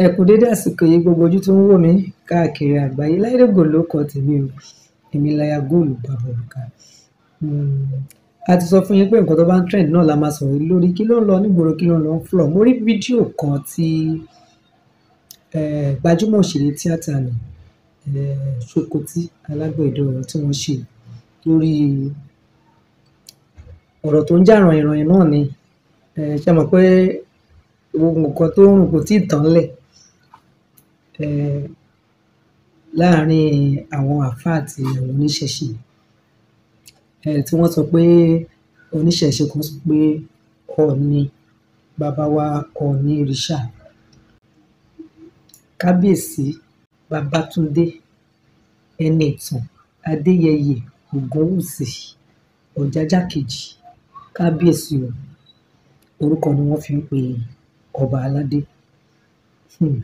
ẹ kú dédé àsìkò yìí gbogbo ojú tó ń wò mí káàkiri àgbáyé Láídé Gold ló kọ tèmi o èmi láya góòlù bàbá òrùka hmm, a ti sọ fún yín pé nǹkan tó bá ń trend náà la máa sọ̀rọ̀ lórí kí ló ń lọ nígboro kí ló ń lọ ń flọ̀ mo rí fídíò kan tí gbajúmọ̀ òṣèré tíátà ni Ṣókótì alágbẹ̀dẹ ọ̀rọ̀ tí wọ́n ṣe lórí ọ̀rọ̀ tó ń jà ràn ìràn náà ni ṣe mọ̀ pé gbogbo nǹkan tó ń rùn kò tí ì tán lẹ̀ láàrin àwọn àáfàá àti àwọn oníṣẹ̀ṣe tí wọ́n sọ pé oníṣẹ̀ṣe kan sọ pé ọ̀ọ̀ni bàbá wa ọ̀ọ̀ni ìrìṣà kábíyèsí babátúndé ẹnìtàn adéyẹyẹ ògúnwùsì ọ̀jájá kejì kábíyèsí o orúkọ ni wọ́n fi ń pe ọba aládé. Hmm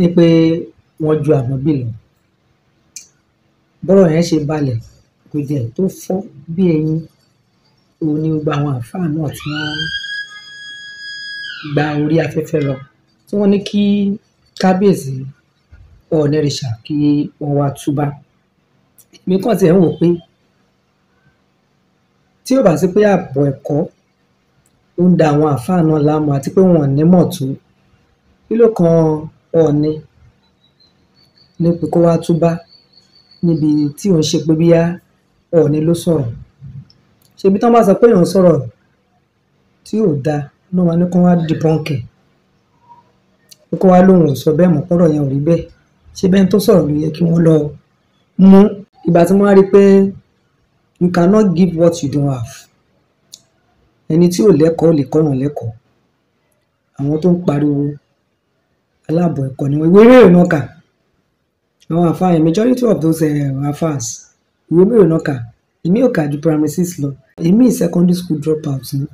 wípé wọ́n ju ànábì lọ bọ́rọ̀ yẹn ṣe balẹ̀ kò jẹ́ tó fọ́ bí ẹyin òun ni gba àwọn àáfàá náà tí wọ́n gba orí afẹ́fẹ́ lọ tí wọ́n ní kí kábíyèsí ọ̀nẹ́rìṣà kí wọ́n wá túbá èmi kàn tiẹ̀ ń wò pé tí ó bá sí pé ààbọ̀ ẹ̀kọ́ ó ń da àwọn àáfàá náà láàmú àti pé wọn ò ní mọ̀ tó kí ló kan Ọọ̀ni nípe kó wá túbá níbi tí ò ń ṣe pé bóyá Ọọ̀ni ló sọ̀rọ̀. Ṣèbí tán bá sọ péyàn sọ̀rọ̀ tí ò dáa ná ma ní kán wá debunk ẹ̀, pé kán wá lóun ò sọ bẹ́ẹ̀ mọ́ pọ́rọ̀ yẹn ò rí bẹ́ẹ̀. Ṣebí ẹni tó sọ̀rọ̀ ló yẹ kí wọ́n lọ mú. Ìgbà tí mo wá rí pé you cannot give what you don't have. Ẹni tí ò lẹ́kọ̀ọ́ ò lè kọ́yàn lẹ́kọ̀ọ́. Àwọn tó ń pariwo aláàbọ̀ ẹ̀kọ́ ni wọ́n ìwé mélòó náà kà àwọn àfáà majority of those Afars eh, àfáàs ìwé mélòó kà èmi ò kà ju primary six lọ èmi secondary school drop out ni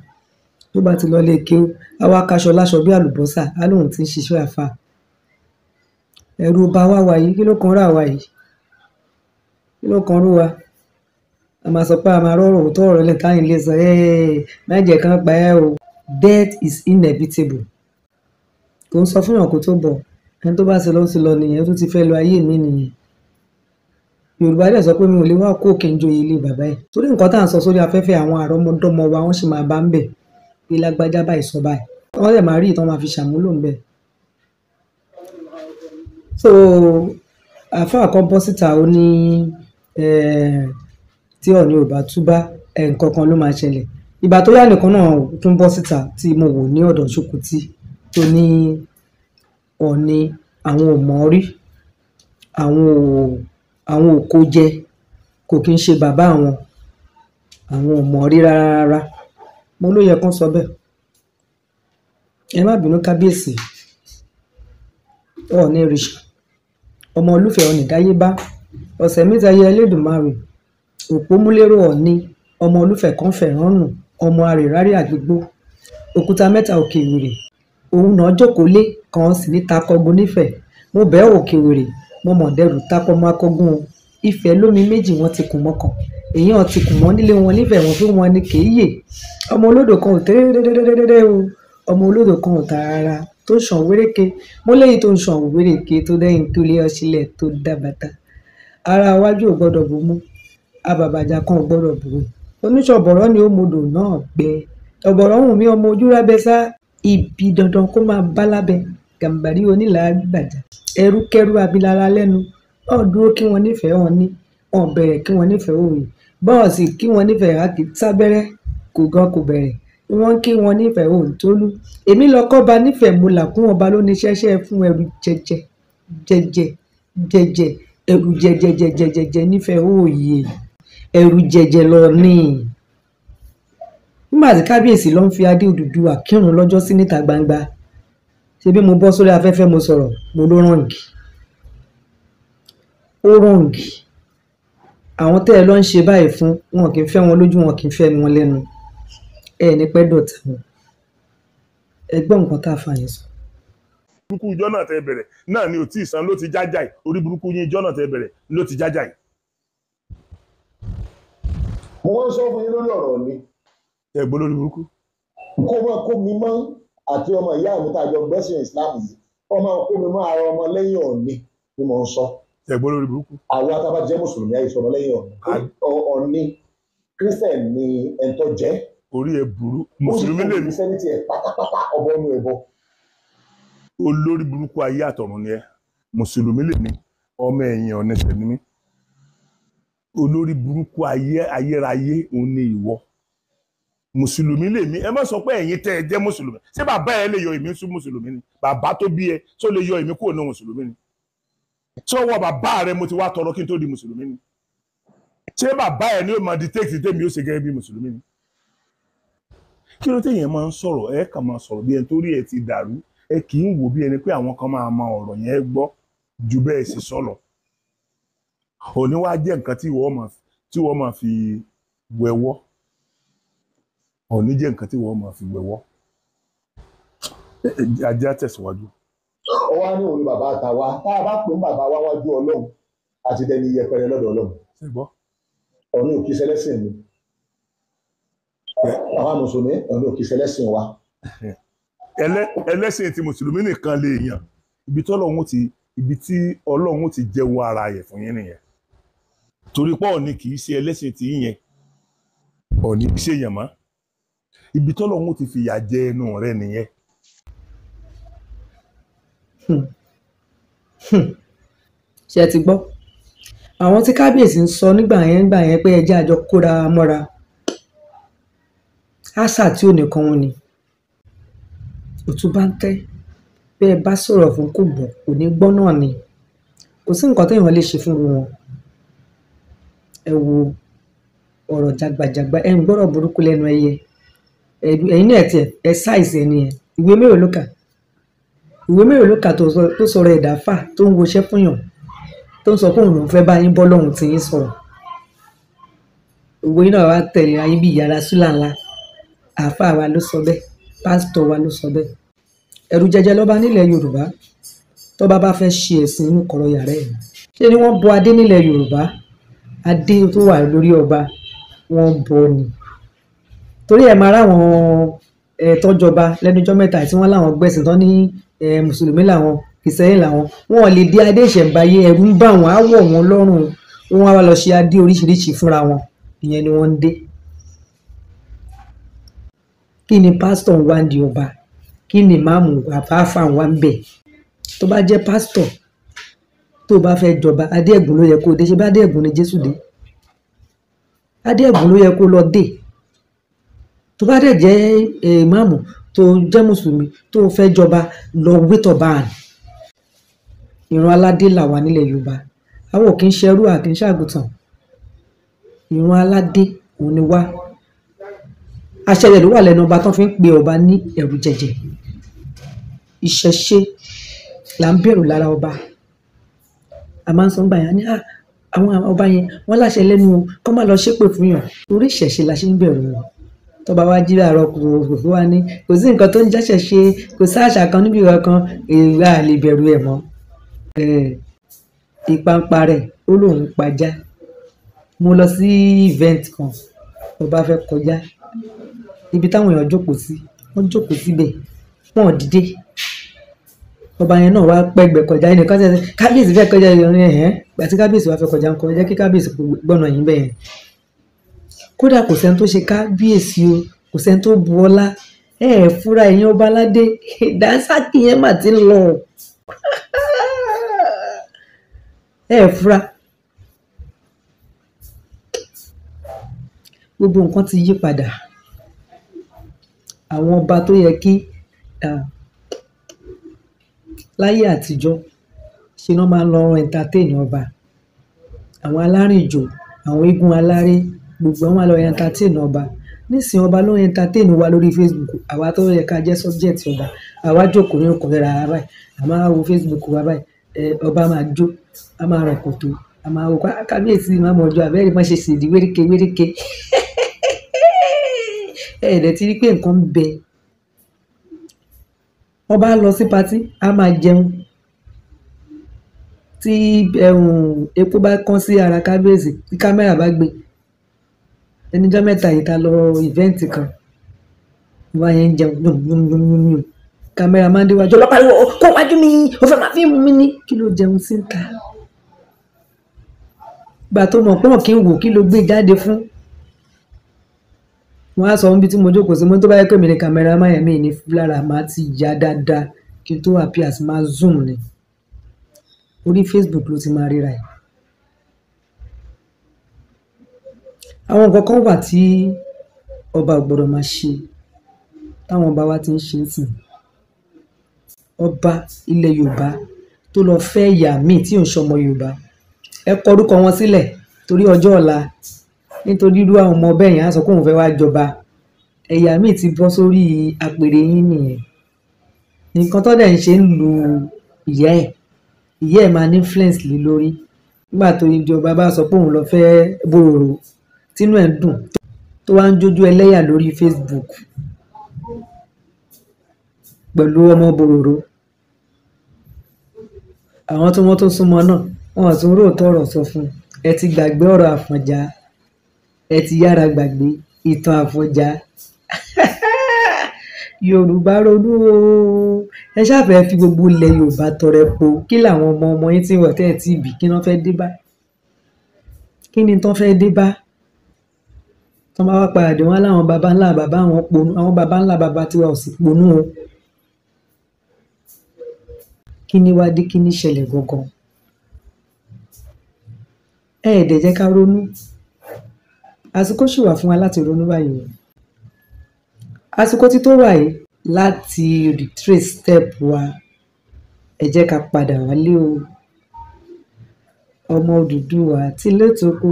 tó bá ti lọ lé ké o àwa kaṣọ láṣọ bí àlùbọ́sà á lóun ti ń ṣiṣẹ́ àfáà ẹ̀rù ọba wa wà yìí kí ló kan rà wá yìí kí ló kan rú wa a máa sọ pé a máa rọrùn tó ọ̀rọ̀ lẹ̀ káyìn lè sọ pa ẹ́ o death is inevitable kò ń sọ fún ìrànkó tó bọ̀ ẹni tó bá ṣe ló ń ṣe lọ nìyẹn ó tún ti fẹ́ lọ ayé mi nìyẹn yorùbá dẹ̀ sọ pé mi ò lè wá kó òkè ń joyè ilé bàbá ẹ̀ torí nǹkan tá à ń sọ sórí afẹ́fẹ́ àwọn àrọ́mọdọ́mọ wa wọ́n sì máa bá ń bẹ̀ pé lágbájá báyìí sọ báyìí wọ́n dẹ̀ máa rí ìtàn máa fi ṣàmúlò ń bẹ̀. so àfáà kan bọ́ síta ó ní tí ọ̀ní ò bá túbá nǹkan kan ló máa ṣẹlẹ̀ ìgbà tó yá nìkan náà tún bọ́ síta tí mo wò ní ọ̀dọ̀ ṣòkòtì tó ní ọ̀ọ̀ni àwọn ò mọ̀ ọ́ rí àwọn ò àwọn ò kó jẹ kò kí ń ṣe bàbá àwọn àwọn ò mọ̀ ọ́ rí rárá rárá mo ló yẹ kán sọ bẹ́ẹ̀ ẹ má bínú kábíyèsí ọ̀ọ̀ni rìṣà ọmọ olúfẹ́ ọ̀ọ̀ni dáyébá ọ̀sẹ̀ mẹ́ta yẹ Elédùmarè òpómúlérò ọ̀ọ̀ni ọmọ olúfẹ́ kan fẹ̀ràn nù ọmọ arèrárẹ̀ àdúgbò òkúta mẹ́ta òkè ìwìrì òun náà jókòó lé kàn án sì ní ta kọgun nífẹ̀ẹ́ mo bẹ́ẹ̀ òkè wèrè mo mọ̀ dẹrù tapọ̀ mọ́ akọgun o ìfẹ́ lómi méjì wọn ti kùn mọ́kàn èèyàn ti kùn mọ́ nílé wọn nífẹ̀ẹ́ wọn fún wọn ni kì í yè ọmọ olódò kan ò tẹ́rẹ́rẹ́rẹ́rẹ́ o ọmọ olódò kan ò tààrà tó ṣàn wéréke mo lẹ́yìn tó ń ṣàn wéréke tó dẹ́yìn tó lé ọsílẹ̀ tó dábàtà ara iwájú ò gbọ́dọ̀ bò mú abàbàjà kan ò gbọ́dọ̀ bò oníṣọ̀bọ̀rọ̀ ni ó modò náà gbẹ ọ̀bọ̀rọ̀ hùn mí ọmọ ojú rábẹ́sá ibi dandan kó máa bá lábẹ gàǹbàrí onílàágbàjà ẹrúkẹrú abilára lẹ́nu ọ dúró kí wọ́n nífẹ̀ẹ́ wọn ní wọn bẹ̀rẹ̀ kí wọ́n nífẹ̀ẹ́ òòyìn bọ́ọ̀sì kí wọ́n nífẹ̀ẹ́ àkì sábẹ́rẹ́ kò gan kò bẹ̀rẹ̀ wọ́n kí wọ́n nífẹ̀ẹ́ òòyìn tó lú èmi lọ́kọ́ ba nífẹ̀ẹ́ mo là kún ọba ló ní ṣẹ́ṣẹ́ fún ẹrù jẹjẹ jẹjẹ jẹjẹ ẹrù jẹjẹ jẹjẹ jẹjẹ nífẹ̀ẹ́ òòyè ẹrù jẹjẹ lọ níì nígbà tí kábíyèsí ló ń fi adé Odùduwà kírun lọ́jọ́sí níta gbangba ṣe bí mo bọ́ sórí afẹ́fẹ́ mo sọ̀rọ̀ mo ló rọǹgì ó rọǹgì àwọn tẹ́ ẹ lọ ń ṣe báyìí fún wọn kì í fẹ́ wọn lójú wọn kì í fẹ́ wọn lẹ́nu ẹ ní pẹ́ dọ̀tà wọn ẹ gbọ́ nǹkan tá a fà yẹn sọ. burúkú ijọ́ náà tẹ bẹ̀rẹ̀ náà ni ò tí ì san ló ti jájà yìí orí burúkú yín ijọ́ náà tẹ bẹ̀rẹ̀ ló ti jájà yìí. mo wá sọ fún yín lórí ọ̀rọ̀ mi ẹ gbọ́ lórí burúkú. kó máa kó mi mọ́ àti ọmọ ìyá mi tá a jọ gbẹ́sìn Islam yìí kó máa kó mi mọ́ ara ọmọ lẹ́yìn ọ̀ni ni mò ń sọ. ẹ gbọ́ lórí burúkú. àwọn atábá jẹ́ mùsùlùmí àìsàn ọmọ lẹ́yìn ọ̀ni kírísítẹ̀n ni ẹ̀ńtọ́ jẹ́. orí ẹ burú mùsùlùmí lè mí. olórí burúkú ayé àtọ̀run ni ẹ mùsùlùmí ọmọ ẹ̀yìn ọ̀nẹ́sẹ̀ olórí burúkú ayé ayérayé òun ni ìwọ mùsùlùmí lèmi ẹ má sọ pé ẹ̀yin tẹ́ ẹ jẹ́ mùsùlùmí ṣé bàbá ẹ lè yọ èmi sí mùsùlùmí ni bàbá tó bí ẹ tó lè yọ èmi kúrò ní mùsùlùmí ni tí ọwọ́ bàbá rẹ mo ti wá tọrọ kí n tó di mùsùlùmí ni ṣé bàbá ẹ ní o máa di téèkì tèmi ó ṣe gẹ́gẹ́ bí mùsùlùmí ni. kí ló téèyàn máa ń sọ̀rọ̀ ẹ kàn máa sọ̀rọ̀ bí ẹni torí ẹ ti dàrú ẹ kì í wò bí ẹni pé àwọn kan máa ma ọ̀rọ̀ yẹn gbọ́ ju bẹ́ẹ̀ sì sọ̀rọ̀ òní wá jẹ́ nǹkan tí wọ́n máa fi wẹ́wọ́ ọ̀ní jẹ́ nǹkan tí wọ́n máa fi gbẹ̀wọ́ ajá tẹ̀síwájú. ọwọ́ ní òun bàbá àtàwa tá a bá pè ń bàbá wa wájú ọlọ́run àti dẹni yẹpẹrẹ lọ́dọ̀ ọlọ́run ọ̀ní òkè sẹlẹ́sìn mi àwa mùsùlùmí ọ̀ní òkè sẹlẹ́sìn wa. ẹlẹ́sìn ti mùsùlùmí nìkan lè yàn ibi tí ọlọ́run ti ibi tí ọlọ́run ti jẹun ara yẹ̀ fún yín nìyẹn torí pé ọ̀ní kì í ṣe ẹlẹ́sìn ti yín yẹn ọ̀ní ṣèyàn mọ́ ibi tọ́lọ́run ti fìyà jẹ ẹnu rẹ nìyẹn. Hmm. Hmm. ṣe ti gbọ́ àwọn tí kábíyèsí ń sọ nígbà yẹn nígbà yẹn pé ẹjẹ́ àjọ kóra mọ́ra àṣà tí ò nìkan wọn ni òtún bá ń tẹ́ bẹ́ẹ̀ bá sọ̀rọ̀ fún kò gbọ́ kò ní gbọ́ náà ni kò sí nǹkan téèyàn lè ṣe fún wọn ẹ wo ọ̀rọ̀ jagbajagba ẹ ń gbọ́rọ̀ burúkú lẹ́nu ẹyẹ ẹ̀yin náà tiẹ̀ ẹ ṣáìsì ẹni yẹn ìwé mélòó ló kà ìwé mélòó ló kà tó sọ̀rọ̀ ẹ̀dá fà tó ń woṣẹ́ fún yàn tó ń sọ pé òun ló ń fẹ́ bá yín bọ́ lọ́hùn tí yín sọ̀rọ̀ òwe náà wá tẹ̀lé ayé bí ìyára sílà ńlá àáfàá wa ló sọ bẹ́ẹ̀ pásítọ̀ wa ló sọ bẹ́ẹ̀ ẹ̀rù jẹjẹ lọ́ba nílẹ̀ Yorùbá tọ́ba bá fẹ́ ṣe ẹ̀sìn inú kọ̀rọ̀ yàrá ẹ̀ ṣé ni wọ́n bọ adé nílẹ̀ Yorùbá adé tó wà lórí ọba wọ́n bọ ni torí ẹ máa ráwọn ẹ tọjọba lẹ́nujọ́ mẹ́ta tí wọ́n láwọn gbẹ̀sìn tán ní mùsùlùmí làwọn kìsẹ́yìn làwọn wọn ò lè dé adé ìṣẹ̀ǹbáyé ẹ̀rú ń bà wọ́n á wọ̀ wọ́n lọ́rùn wọn á lọ ṣe adé oríṣiríṣi fúnra wọn ìyẹn ni wọ́n ń dé. kí ni pásítọ̀ ń wá di ọba kí ni máàmù àfáàfà ń wá ń bẹ̀ tó bá jẹ́ pásítọ̀ tó bá fẹ́ jọba adé ẹ̀gùn ló yẹ kó dé ṣe bá adé ẹ̀gùn ni Jésù dé adé ẹ̀gùn ló yẹ kó lọ dé tó bá dẹ̀ jẹ́ ìmáàmù tó jẹ́ mùsùlùmí tó fẹ́ jọba lọ wétọ̀ bá àná ìran aládé là wà nílẹ̀ yorùbá àwọn kì í ṣerú àkì í ṣàgùtàn ìran aládé òun ni wá àṣẹyẹ ló wà lẹ́nu ọba tán fi ń pe ọba ní ẹ̀rù jẹ̀jẹ̀ ìṣẹ̀ṣe là ń bẹ̀rù lára ọba a máa ń sọ gbà yẹn ní àwọn ọba yẹn wọ́n láṣẹ lẹ́nu kọ́ máa lọ ṣépè fún yàn orí ìṣẹ̀ṣe la ṣe ń bẹ̀rù wọn tó bá wá jí àárọ̀ kùrùkùrù wá ní kò sí nǹkan tó ń jẹ́sẹ̀ ṣe kò sí àṣà kan níbi kankan ìwà lè bẹ̀rù ẹ̀ mọ́ ìpampa rẹ̀ ó lóun pajá mo lọ sí event kan tó bá fẹ́ kọjá ibi táwọn èèyàn jókòó sí wọ́n jókòó síbẹ̀ wọ́n dìde ọba yẹn náà wá pẹ́gbẹ́ kọjá ẹnìkan ṣe kábíyèsí fẹ́ kọjá ìyọrin ẹ̀hẹ́n gbàtí kábíyèsí wá fẹ́ kọjá ńkọ́ jẹ́ kí kábíyèsí gbọ́nà yín bẹ́ẹ̀ kódà kò sẹ́ni tó ṣe kábíyèsí o kò sẹ́ni tó bu ọlá ẹ ẹ fúra ẹ̀yin ọba aládé Dàńṣákì yẹn mà ti ń lọ ẹ ẹ fúra gbogbo nǹkan ti yí padà àwọn ọba tó yẹ kí láyé àtijọ́ ṣe ni wọ́n máa ń lọ entertain ọba àwọn alárìnjò àwọn eégún aláré gbogbo àwọn àlọ́ entertain ọba nísìnyí ọba ló ń entertain wa lórí facebook àwa tó yẹ ká jẹ́ subject ọba àwa jókòó ní ọkọ̀ rẹ̀ ara báyìí àmọ́ àwọn facebook wa báyìí ọba máa jó a máa rọ̀ kòtò a máa wò ah, kábíyèsí máa mọ̀ ọjọ́ abẹ́rẹ́ máa ṣe ṣèdí wéréke wéréke ẹ̀ẹ́dẹ̀ ti rí pé nǹkan ń bẹ ọba lọ sí patí a máa jẹun tí epo bá kán sí ara kábíyèsí tí kámẹ́rà bá gbé e ẹnijọ́ mẹ́ta yìí ta lọ ìvẹ́ǹtì kan bá yẹn ń jẹun yùnyùnyùnyùn kámẹ́rà máa ń déwájú ọlọ́pàá ló kó wájú mi ó fẹ́ máa fi mú mi ní kí ló jẹun sí ta gbà tó mọ̀ pé wọ́n kì í wò kí ló gbé jáde fún wọ́n á sọ níbi tí mo jókòó sí mo tó bá yẹ pé mi ni kámẹ́rà máa yẹn mi ní lára máa ti ya dáadáa kí n tó wà pí àti máa zoom ni orí Facebook ló ti máa ríra yìí. àwọn nǹkan kan wà tí ọba ò gbọdọ̀ máa ṣe táwọn ọba wa ti ń ṣe é sìn ọba ilẹ̀ yorùbá tó lọ fẹ́ ìyá míì tí ò ń ṣọmọ yorùbá ẹ kọ orúkọ wọn sílẹ̀ torí ọjọ́ ọ̀la nítorí irú àwọn ọmọ bẹ́ẹ̀ yẹn á sọ pé òun fẹ́ wá jọba ẹ̀yà míì ti bọ́ sórí apèrè yín nìyẹn nǹkan tó dẹ̀ ń ṣe ń lu ìyá ẹ̀ ìyá ẹ̀ máa ní influence lé lórí nígbà tó ìjọba bá sọ pé òun lọ fẹ́ bòròrò tínú ẹ̀ ń dùn tó wá ń jójó ẹlẹ́yà lórí Facebook pẹ̀lú ọmọ bòròró àwọn tí wọ́n tún súnmọ́ náà wọn àtún róòtọ́ ọ̀rọ̀ sọ fún ẹ ti gbàgbé ọ̀rọ̀ àfọ̀njá ẹ ti yára gbàgbé ìtàn àfọ̀njá yorùbá ronú o ẹ ṣàfẹ́ fi gbogbo ilẹ̀ yorùbá tọrẹ po kí làwọn ọmọ ọmọ yín ti wọ̀ tẹ́ ẹ̀ tí ì bì kí ni wọ́n fẹ́ dé bá kí ni tán fẹ́ dé bá tí wọn bá wá padà dé wọn láwọn baba ńlá baba àwọn ponú àwọn baba ńlá baba tiwa ò sì ponú o kí ni wá dé kí ni ṣẹlẹ̀ gangan ẹ ẹ dẹ̀ jẹ́ ká ronú àsìkò ṣì wà fún wa láti ronú báyìí àsìkò ti tó wà yìí láti retrace step wa ẹ jẹ́ ká padà wálé o ọmọ Odùduwà ti létòkó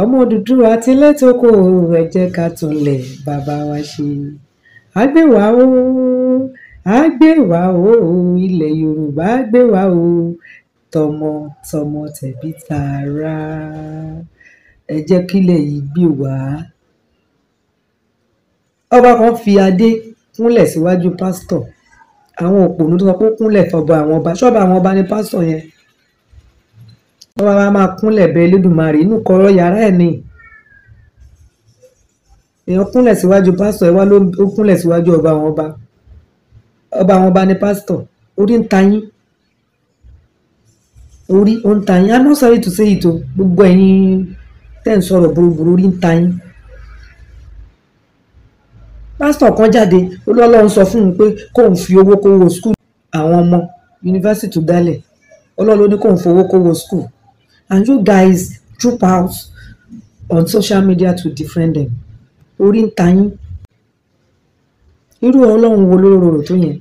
ọmọ Odùduwà ti létòkò ẹ jẹ́ ká túnlẹ̀ bàbá wa ṣe àgbéwà o àgbéwà o ilẹ̀ Yorùbá àgbéwà o tọmọtọmọ tẹbí tààrà ẹ jẹ́ kílẹ̀ yìí gbé wá. ọba kan fi adé kúnlẹ̀ síwájú pásítọ̀ àwọn òpònú tó sọ pé ó kúnlẹ̀ fọba àwọn ọba ṣọ́ba àwọn ọba ni pásítọ̀ yẹn wọ́n bá máa kúnlẹ̀ bẹ Elédùmarè inú kọ̀rọ̀ yàrá ẹ̀ ni èèyàn kúnlẹ̀ síwájú pásítọ̀ ẹ wá ló ó kúnlẹ̀ síwájú ọba àwọn ọba ọba àwọn ọba ni pásítọ̀ orí ń ta yín orí ó ń ta yín i'm not sorry to say it o gbogbo ẹ̀yin tẹ́ ń sọ̀rọ̀ burúburú orí ń ta yín pásítọ̀ kan jáde olólọ́run sọ fún un pé kóun fi owó kówó skul àwọn ọmọ yunifásitì dálẹ̀ ọlọ́run ló ní kóun fowó kówó skul and you guys troop out on social media to defend them orí ń ta yín irú ọlọ́run wo lóró rò tó yẹn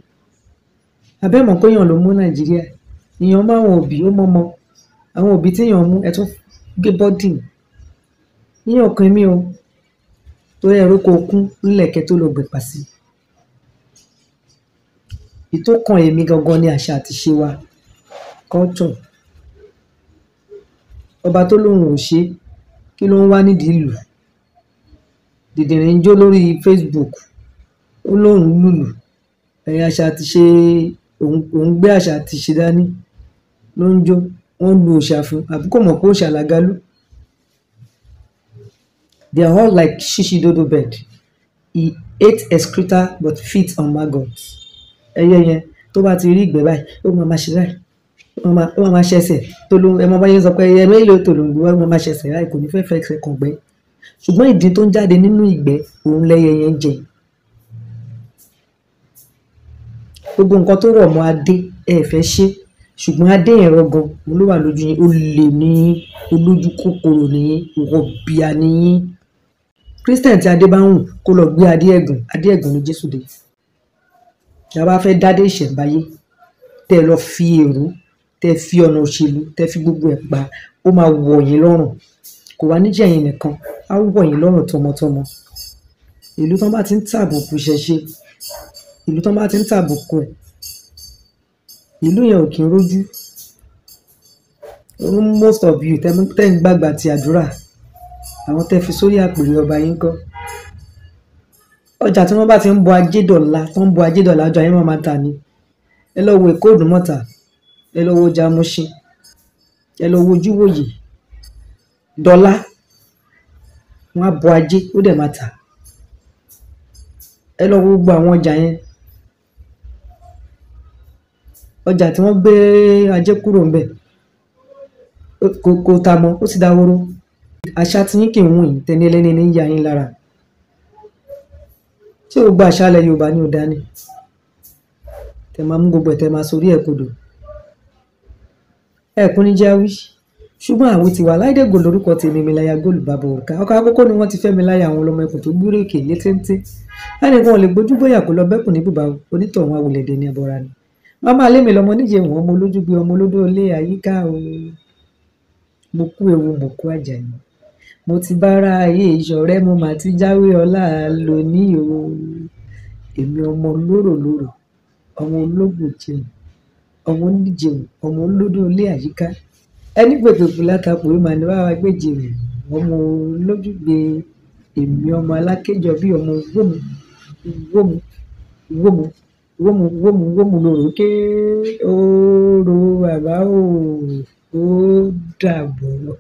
abẹ́mọ̀ péyàn ló mú nàìjíríà èèyàn mọ àwọn òbí ó mọ́mọ́ àwọn òbí téèyàn mú ẹ tún gé bọ́dì yíyan kan mi o torí ẹ̀rọ kò kún nílẹ̀kẹ́ tó lọ gbẹ̀pà sí ìtókàn èmi gangan ni àṣà àti ṣe wa culture ọba tó lóun ò ṣe kí ló ń wá nídìí ìlú dìdìrín jó lórí facebook ó lóun lùlù ẹ̀yin àṣà ti ṣe òun gbé àṣà ti ṣe dání ló ń jó wọ́n lu òòṣà fún àbí kò mọ̀ pé òòṣà làgálú they are all like shishidodo bed, he ate excreta but feet on maggots ẹyẹ yẹn tó bá ti rí ìgbẹ́ báyìí ó máa ma ṣe báyìí wọ́n máa wọ́n máa ṣẹ̀ṣẹ̀ tolóhùn ẹ mọ bá yẹn sọ pé ẹ mélòó tolóhùn wọ́n máa ṣẹ̀ṣẹ̀ láì kò ní fẹ́ fẹ́ fẹ́ kàn gbẹ́ ṣùgbọ́n ìdí tó ń jáde nínú ìgbẹ́ òun lẹ́yẹ yẹn ń jẹ gbogbo nǹkan tó rọ̀ mọ́ adé ẹ fẹ́ ṣe ṣùgbọ́n adé yẹn rọgan mo ló wà lójú yín ó lè ní olójú kòkòrò nìyí wọ̀bìà nìyí christian tí adé bá ń hùn kó lọ gbé adé ẹ̀gàn adé ẹ̀gàn ló jésù dé ìjọba fẹ́ dádé ìṣẹ̀ǹbáyé tẹ́ lọ fi èrú tẹ́ fi ọ̀nà òṣèlú tẹ́ fi gbogbo ẹ̀ pa ó máa wọ̀ yín lọ́rùn kò wá níjẹ́ yín nìkan á wọ̀ yín lọ́rùn tọmọtọmọ ìlú tán bá ti ń tàbùkù ṣẹ̀ṣe ìlú tán bá ti ń tàbùkù ẹ̀ ìlú yẹn ò kí ń rójú most of you tẹ́ ń gbàgbà ti àdúrà àwọn tẹ́ fi sórí àpèrè ọba yín kọ́ ọjà tí wọ́n bá ti ń bọ ajédọ̀la tó ń bọ ajédọ̀la ọjà yín máa ma ta ni ẹ lọ wo èkó òdùmọ̀ta ẹ lọ wo Jámúsí ẹ lọ wo Ojúwòyè dọ́là wọn á bọ ajé ó dẹ̀ máa tà ẹ lọ wo gbogbo àwọn ọjà yẹn ọjà tí wọ́n gbé ajé kúrò ńbẹ̀ kò kò ta mọ́ ó ti dahoro àṣà tí yín kì í wùn yín tẹni ẹlẹ́ni ní ya yín lára tí o gba àṣà alẹ́ Yorùbá ní o dání tẹ máa mú gbogbo ẹ̀ tẹ máa sorí ẹ̀ kodò ẹkùn ní jáwí ṣùgbọ́n àwo tiwa láìdẹgò lórúkọ tèmi miláya góòlù bàbá òǹkà ọkọ àkọ́kọ́ ni wọ́n ti fẹ́ miláya àwọn ọlọmọ ẹkùn tó gbúrèkè ní téńté ẹnìkan ò lè gbójú bóyá kó lọ bẹkùn ní bùbá onítọ̀hún awolẹ̀dẹ̀ ní abọ́ra ni màmá alẹ́ mi lọmọ níjẹ wọn ọmọ olójú gbé ọmọ olódó ilé àyíká o mo kú ewu mo kú àjàyàn mo ti bára ayé ìṣọ̀rẹ́ mo mà ti jáwé ọlá lónìí o èmi ọmọ lóròlórò ọmọ ológun jẹun ọmọ oníjẹun ọmọ olódò ilé àyíká ẹni pètòkù látàpọ̀ yìí màá ní bá wa gbé jèrè ọmọ olójúgbe èmi ọmọ alákéjọ bíi ọmọ wómù wómù wómù wómù wómù wómù lòrò ké ooo bàbá ooo ó dàbọ̀ lọ.